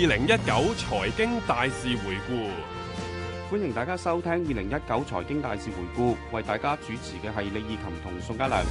二零一九財經大事回顧，歡迎大家收聽二零一九財經大事回顧，為大家主持嘅係李意琴同宋家樑。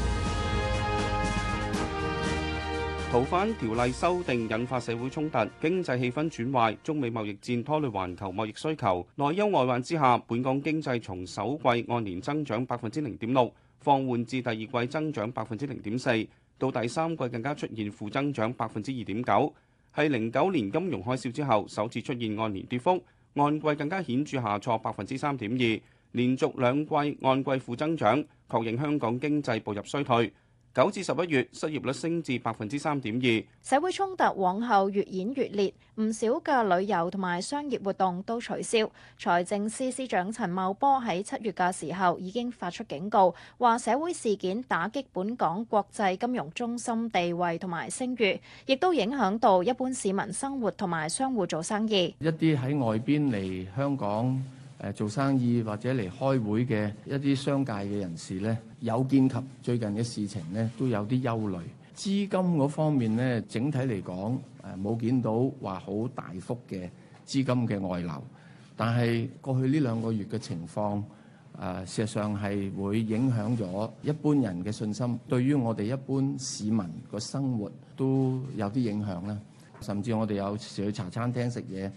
逃犯條例修訂引發社會衝突，經濟氣氛轉壞，中美貿易戰拖累環球貿易需求，內憂外患之下，本港經濟從首季按年增長百分之零點六，放緩至第二季增長百分之零點四，到第三季更加出現負增長百分之二點九。係零九年金融海嘯之後首次出現按年跌幅，按季更加顯著下挫百分之三點二，連續兩季按季負增長，確認香港經濟步入衰退。九至十一月失業率升至百分之三點二。社會衝突往後越演越烈，唔少嘅旅遊同埋商業活動都取消。財政司司長陳茂波喺七月嘅時候已經發出警告，話社會事件打擊本港國際金融中心地位同埋聲譽，亦都影響到一般市民生活同埋商戶做生意。一啲喺外邊嚟香港。做生意或者嚟開會嘅一啲商界嘅人士咧，有見及最近嘅事情咧，都有啲憂慮。資金嗰方面咧，整體嚟講，誒冇見到話好大幅嘅資金嘅外流，但係過去呢兩個月嘅情況，誒、呃、事實上係會影響咗一般人嘅信心，對於我哋一般市民個生活都有啲影響啦。甚至我哋有時去茶餐廳食嘢，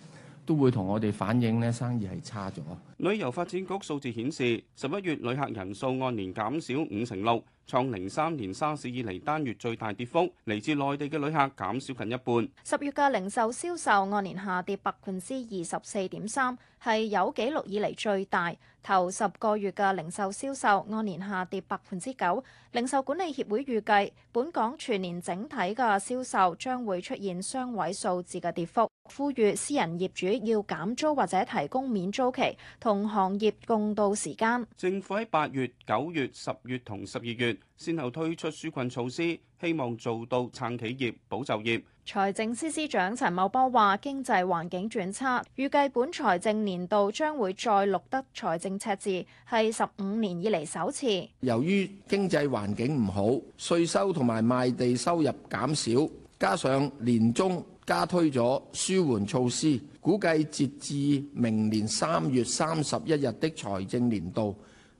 都會同我哋反映咧，生意係差咗。旅遊發展局數字顯示，十一月旅客人數按年減少五成六。創零三年沙士以嚟單月最大跌幅，嚟自內地嘅旅客減少近一半。十月嘅零售銷售按年下跌百分之二十四點三，係有紀錄以嚟最大。頭十個月嘅零售銷售按年下跌百分之九。零售管理協會預計，本港全年整體嘅銷售將會出現雙位數字嘅跌幅，呼籲私人業主要減租或者提供免租期，同行業共度時間。政府喺八月、九月、十月同十二月。先後推出紓困措施，希望做到撐企業、保就業。財政司司長陳茂波話，經濟環境轉差，預計本財政年度將會再錄得財政赤字，係十五年以嚟首次。由於經濟環境唔好，稅收同埋賣地收入減少，加上年中加推咗舒緩措施，估計截至明年三月三十一日的財政年度。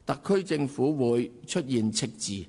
特區政府會出現赤字，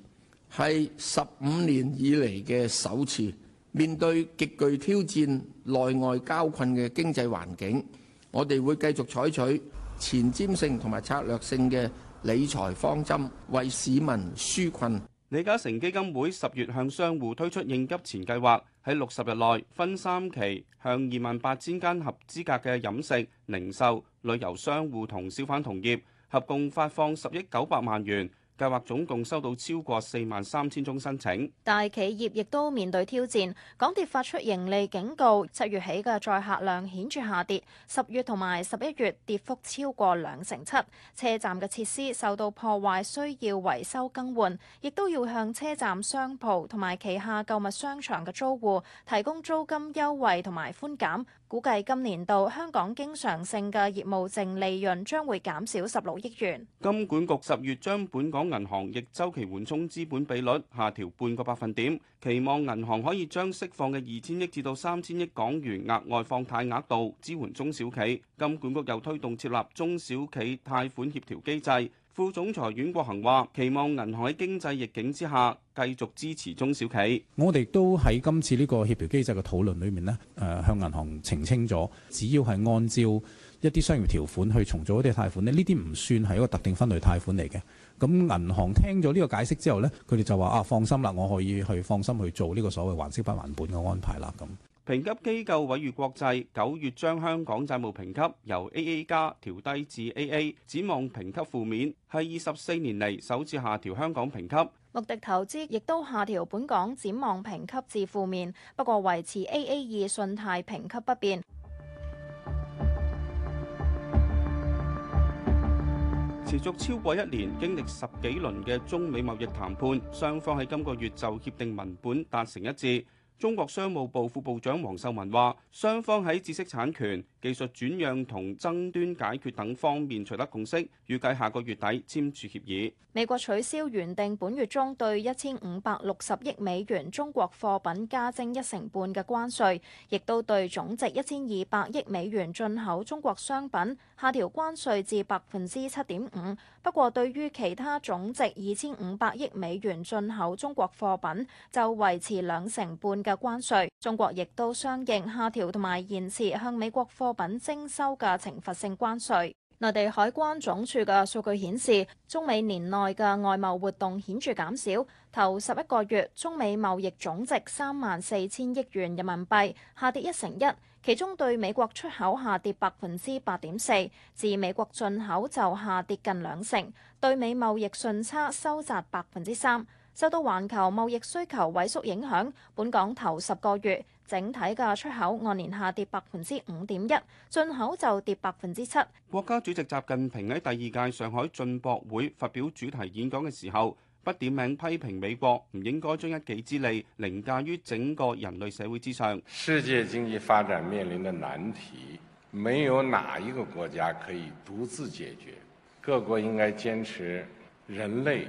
係十五年以嚟嘅首次。面對極具挑戰、內外交困嘅經濟環境，我哋會繼續採取前瞻性同埋策略性嘅理財方針，為市民紓困。李嘉誠基金會十月向商戶推出應急錢計劃，喺六十日內分三期向二萬八千間合資格嘅飲食、零售、旅遊商戶同小販同業，合共發放十億九百萬元。計劃總共收到超過四萬三千宗申請，大企業亦都面對挑戰。港鐵發出盈利警告，七月起嘅載客量顯著下跌，十月同埋十一月跌幅超過兩成七。車站嘅設施受到破壞，需要維修更換，亦都要向車站商鋪同埋旗下購物商場嘅租戶提供租金優惠同埋寬減。估計今年度香港經常性嘅業務淨利潤將會減少十六億元。金管局十月將本港銀行逆周期緩衝資本比率下調半個百分點，期望銀行可以將釋放嘅二千億至到三千億港元額外放貸額度支援中小企。金管局又推動設立中小企貸款協調機制。副總裁阮國恒話：期望銀行喺經濟逆境之下繼續支持中小企。我哋都喺今次呢個協調機制嘅討論裏面呢，誒向銀行澄清咗，只要係按照一啲商業條款去重做組嗰啲貸款呢，呢啲唔算係一個特定分類貸款嚟嘅。咁銀行聽咗呢個解釋之後呢，佢哋就話啊，放心啦，我可以去放心去做呢個所謂還息不還本嘅安排啦。咁，評級機構惠譽國際九月將香港債務評級由 AA 加調低至 AA，展望評級負面，係二十四年嚟首次下調香港評級。穆迪投資亦都下調本港展望評級至負面，不過維持 AA 二信貸評級不變。持續超過一年、經歷十幾輪嘅中美貿易談判，雙方喺今個月就協定文本達成一致。中國商務部副部長王受文話，雙方喺知識產權、技術轉讓同爭端解決等方面取得共識，預計下個月底簽署協議。美國取消原定本月中對一千五百六十億美元中國貨品加徵一成半嘅關稅，亦都對總值一千二百億美元進口中國商品下調關稅至百分之七點五。不過，對於其他總值二千五百億美元進口中國貨品，就維持兩成半嘅關稅。中國亦都相應下調同埋延遲向美國貨品徵收嘅懲罰性關稅。內地海關總署嘅數據顯示，中美年內嘅外貿活動顯著減少。頭十一個月，中美貿易總值三萬四千億元人民幣，下跌一成一。其中對美國出口下跌百分之八點四，自美國進口就下跌近兩成，對美貿易順差收窄百分之三。受到環球貿易需求萎縮影響，本港頭十個月整體嘅出口按年下跌百分之五點一，進口就跌百分之七。國家主席習近平喺第二屆上海進博會發表主題演講嘅時候，不點名批評美國，唔應該將一己之利凌駕於整個人類社會之上。世界經濟發展面臨嘅難題，沒有哪一個國家可以獨自解決，各國應該堅持人類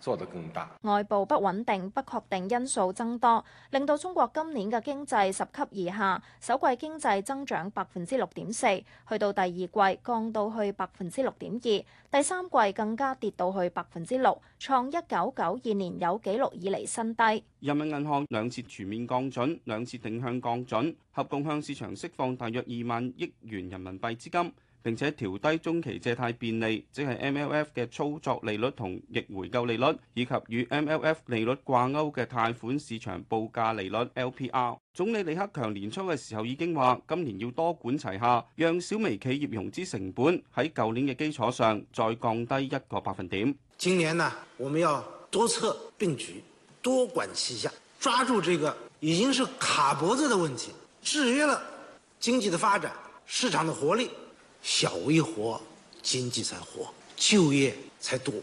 做得更大。外部不穩定、不確定因素增多，令到中國今年嘅經濟拾級而下，首季經濟增長百分之六點四，去到第二季降到去百分之六點二，第三季更加跌到去百分之六，創一九九二年有紀錄以來新低。人民銀行兩次全面降準，兩次定向降準，合共向市場釋放大約二萬億元人民幣資金。並且調低中期借貸便利，即係 MLF 嘅操作利率同逆回購利率，以及與 MLF 利率掛鈎嘅貸款市場報價利率 LPR。總理李克強年初嘅時候已經話，今年要多管齊下，讓小微企業融資成本喺舊年嘅基礎上再降低一個百分點。今年呢，我們要多策並舉，多管齊下，抓住這個已經是卡脖子的問題，制約了經濟的發展、市場的活力。小微活，經濟才活，就業才多。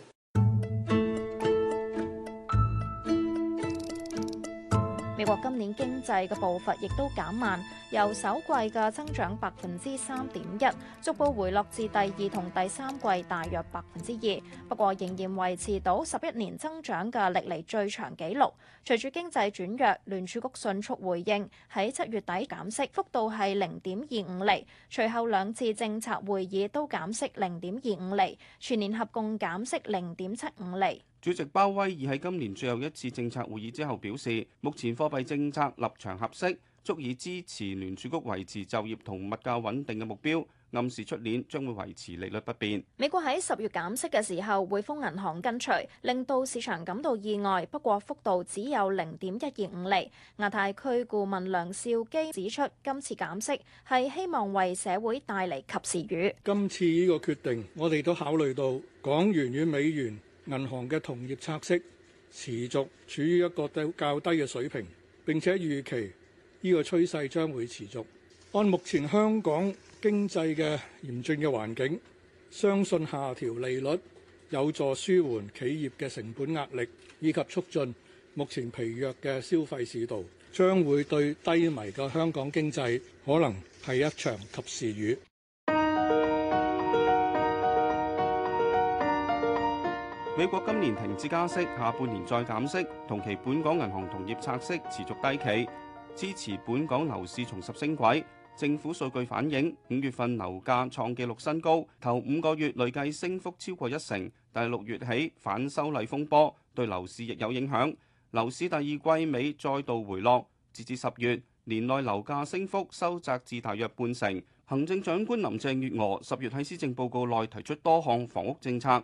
今年經濟嘅步伐亦都減慢，由首季嘅增長百分之三點一，逐步回落至第二同第三季大約百分之二。不過仍然維持到十一年增長嘅歷嚟最長紀錄。隨住經濟轉弱，聯儲局迅速回應，喺七月底減息幅度係零點二五厘，隨後兩次政策會議都減息零點二五厘，全年合共減息零點七五厘。主席鮑威爾喺今年最後一次政策會議之後表示，目前貨幣政策立場合適，足以支持聯儲局維持就業同物價穩定嘅目標，暗示出年將會維持利率不變。美國喺十月減息嘅時候，匯豐銀行跟隨，令到市場感到意外。不過幅度只有零點一二五釐。亞太區顧問梁兆基指出，今次減息係希望為社會帶嚟及時雨。今次呢個決定，我哋都考慮到港元與美元。銀行嘅同業拆息持續處於一個較低嘅水平，並且預期呢個趨勢將會持續。按目前香港經濟嘅嚴峻嘅環境，相信下調利率有助舒緩企業嘅成本壓力，以及促進目前疲弱嘅消費市道，將會對低迷嘅香港經濟可能係一場及時雨。美國今年停止加息，下半年再減息，同期本港銀行同業拆息持續低企，支持本港樓市重拾升軌。政府數據反映，五月份樓價創紀錄新高，頭五個月累計升幅超過一成，第六月起反修例風波，對樓市亦有影響。樓市第二季尾再度回落，截至十月，年內樓價升幅收窄至大約半成。行政長官林鄭月娥十月喺施政報告內提出多項房屋政策。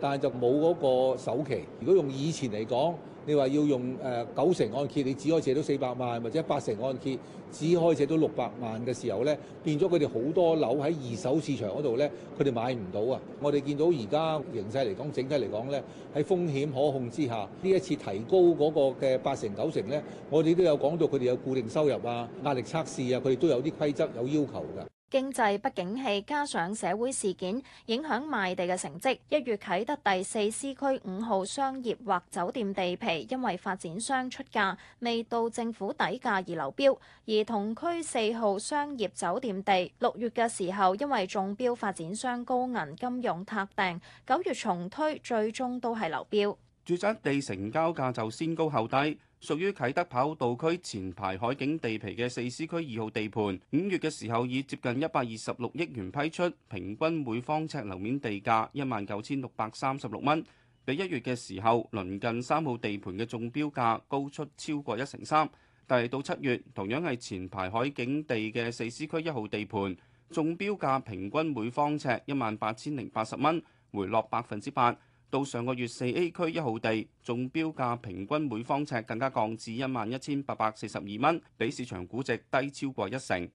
但係就冇嗰個首期。如果用以前嚟講，你話要用誒九成按揭，你只可以借到四百萬，或者八成按揭只可以借到六百萬嘅時候咧，變咗佢哋好多樓喺二手市場嗰度咧，佢哋買唔到啊！我哋見到而家形勢嚟講，整體嚟講咧，喺風險可控之下，呢一次提高嗰個嘅八成九成咧，我哋都有講到佢哋有固定收入啊、壓力測試啊，佢哋都有啲規則有要求㗎。經濟不景氣，加上社會事件影響賣地嘅成績。一月啟德第四 C 區五號商業或酒店地皮，因為發展商出價未到政府底價而流標；而同區四號商業酒店地，六月嘅時候因為中標發展商高銀金融撻訂，九月重推最終都係流標。住宅地成交價就先高後低，屬於啟德跑道區前排海景地皮嘅四 C 區二號地盤，五月嘅時候以接近一百二十六億元批出，平均每方尺樓面地價一萬九千六百三十六蚊，比一月嘅時候鄰近三號地盤嘅中標價高出超過一成三。但係到七月，同樣係前排海景地嘅四 C 區一號地盤，中標價平均每方尺一萬八千零八十蚊，回落百分之八。到上個月，四 A 區一號地中標價平均每方尺更加降至一萬一千八百四十二蚊，比市場估值低超過一成。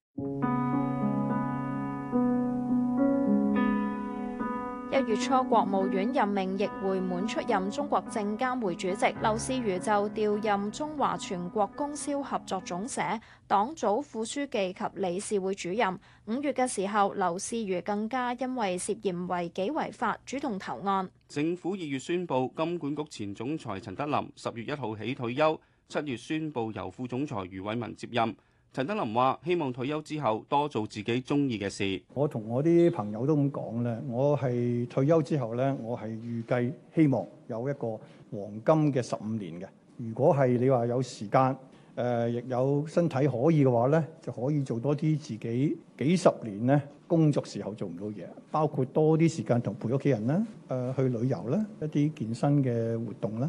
一月初，國務院任命易會滿出任中國證監會主席，劉士余就調任中華全國供銷合作總社黨組副書記及理事會主任。五月嘅時候，劉士余更加因為涉嫌違紀違法主動投案。政府二月宣布金管局前總裁陳德霖十月一號起退休，七月宣布由副總裁余偉文接任。陳德霖話：希望退休之後多做自己中意嘅事。我同我啲朋友都咁講咧，我係退休之後咧，我係預計希望有一個黃金嘅十五年嘅。如果係你話有時間，誒、呃、亦有身體可以嘅話咧，就可以做多啲自己幾十年咧工作時候做唔到嘢，包括多啲時間同陪屋企人啦，誒、呃、去旅遊啦，一啲健身嘅活動啦。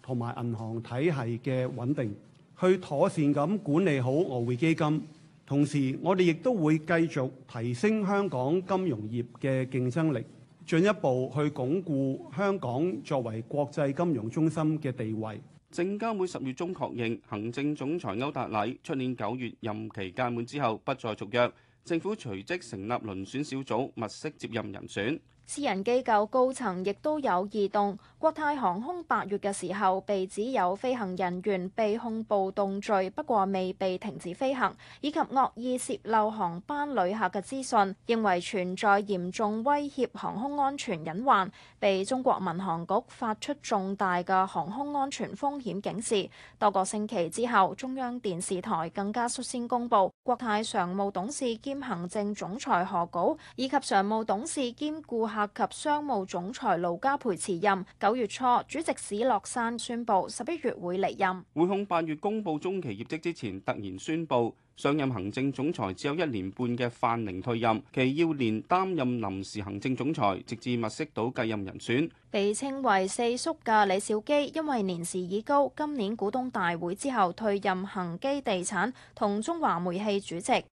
同埋銀行體系嘅穩定，去妥善咁管理好外匯基金，同時我哋亦都會繼續提升香港金融業嘅競爭力，進一步去鞏固香港作為國際金融中心嘅地位。證監會十月中確認，行政總裁歐達禮出年九月任期屆滿之後不再續約，政府隨即成立遴選小組，物色接任人選。私人機構高層亦都有異動。國泰航空八月嘅時候被指有飛行人員被控暴動罪，不過未被停止飛行，以及惡意洩漏航班旅客嘅資訊，認為存在嚴重威脅航空安全隱患，被中國民航局發出重大嘅航空安全風險警示。多個星期之後，中央電視台更加率先公佈國泰常務董事兼行政總裁何杲，以及常務董事兼顧客及商務總裁盧家培辭任。九月初，主席史樂山宣布十一月會離任。滙控八月公布中期業績之前，突然宣布，上任行政總裁只有一年半嘅范寧退任，祁耀年擔任臨時行政總裁，直至物色到繼任人選。被稱為四叔的李兆基，因為年事已高，今年股東大會之後退任恆基地產同中華煤氣主席。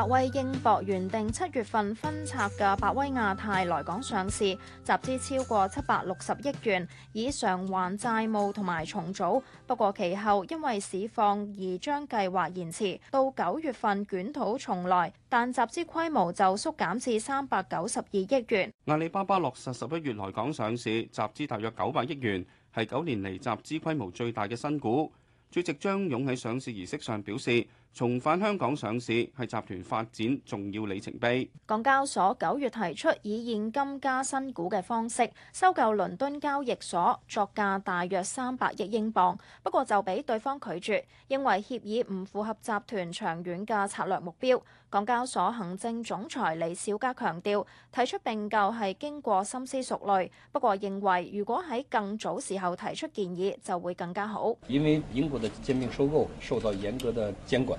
百威英博原定七月份分拆嘅百威亞太來港上市，集資超過七百六十億元，以償還債務同埋重組。不過其後因為市況而將計劃延遲到九月份捲土重來，但集資規模就縮減至三百九十二億元。阿里巴巴落實十一月來港上市，集資大約九百億元，係九年嚟集資規模最大嘅新股。主席張勇喺上市儀式上表示，重返香港上市係集團發展重要里程碑。港交所九月提出以現金加新股嘅方式收購倫敦交易所，作價大約三百億英鎊。不過就俾對方拒絕，認為協議唔符合集團長遠嘅策略目標。港交所行政總裁李小加強調提出併購係經過深思熟慮，不過認為如果喺更早時候提出建議就會更加好。因為英國的兼併收購受到嚴格的監管。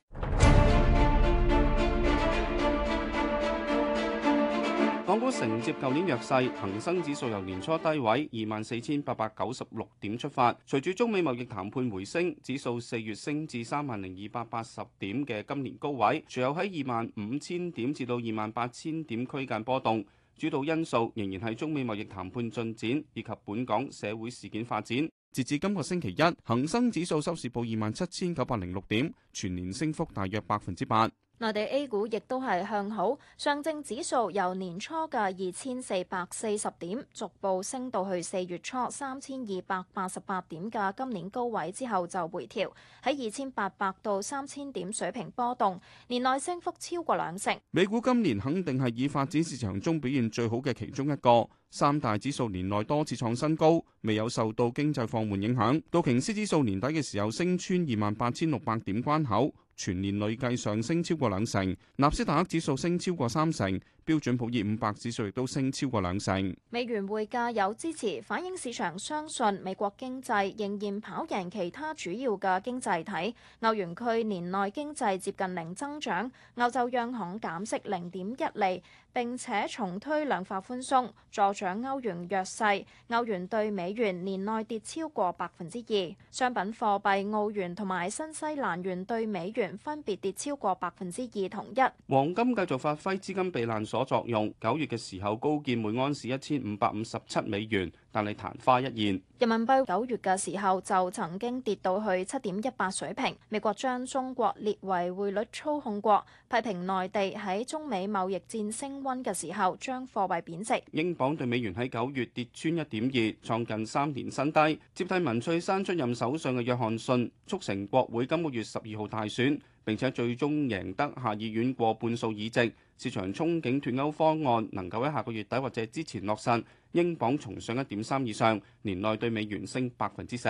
港股承接舊年弱勢，恒生指數由年初低位二萬四千八百九十六點出發，隨住中美貿易談判回升，指數四月升至三萬零二百八十點嘅今年高位，隨後喺二萬五千點至到二萬八千點區間波動。主導因素仍然係中美貿易談判進展以及本港社會事件發展。截至今個星期一，恒生指數收市報二萬七千九百零六點，全年升幅大約百分之八。內地 A 股亦都係向好，上證指數由年初嘅二千四百四十點逐步升到去四月初三千二百八十八點嘅今年高位之後就回調，喺二千八百到三千點水平波動，年內升幅超過兩成。美股今年肯定係已發展市場中表現最好嘅其中一個，三大指數年內多次創新高，未有受到經濟放緩影響。道瓊斯指數年底嘅時候升穿二萬八千六百點關口。全年累計上升超過兩成，納斯達克指數升超過三成。標準普爾五百指數亦都升超過兩成，美元匯價有支持，反映市場相信美國經濟仍然跑贏其他主要嘅經濟體。歐元區年內經濟接近零增長，歐洲央行減息零點一厘，並且重推量化寬鬆，助長歐元弱勢。歐元對美元年內跌超過百分之二，商品貨幣澳元同埋新西蘭元對美元分別跌超過百分之二同一。黃金繼續發揮資金避難所作用，九月嘅時候高見每安士一千五百五十七美元。但係，曇花一現。人民幣九月嘅時候就曾經跌到去七點一八水平。美國將中國列為匯率操控國，批評內地喺中美貿易戰升溫嘅時候將貨幣貶值。英鎊對美元喺九月跌穿一點二，創近三年新低。接替文翠珊出任首相嘅約翰遜促成國會今個月十二號大選，並且最終贏得下議院過半數議席。市場憧憬脫歐方案能夠喺下個月底或者之前落實。英鎊重上一點三以上，年內對美元升百分之四。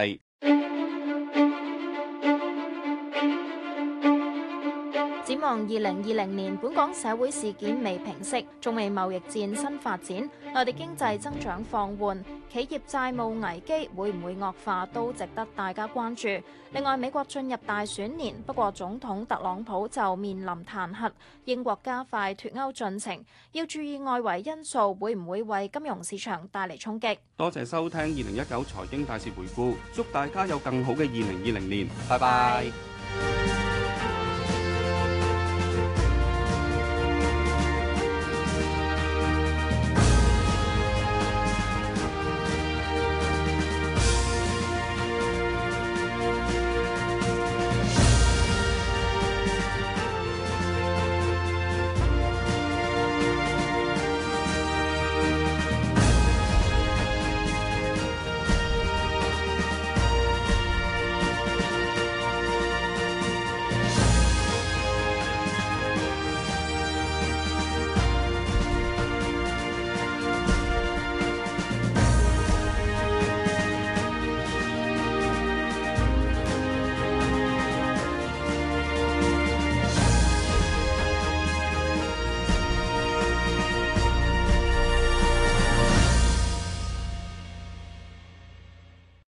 二零二零年，本港社會事件未平息，中美貿易戰新發展，內地經濟增長放緩，企業債務危機會唔會惡化都值得大家關注。另外，美國進入大選年，不過總統特朗普就面臨彈劾。英國加快脫歐進程，要注意外圍因素會唔會為金融市場帶嚟衝擊。多謝收聽二零一九財經大事回顧，祝大家有更好嘅二零二零年，拜拜。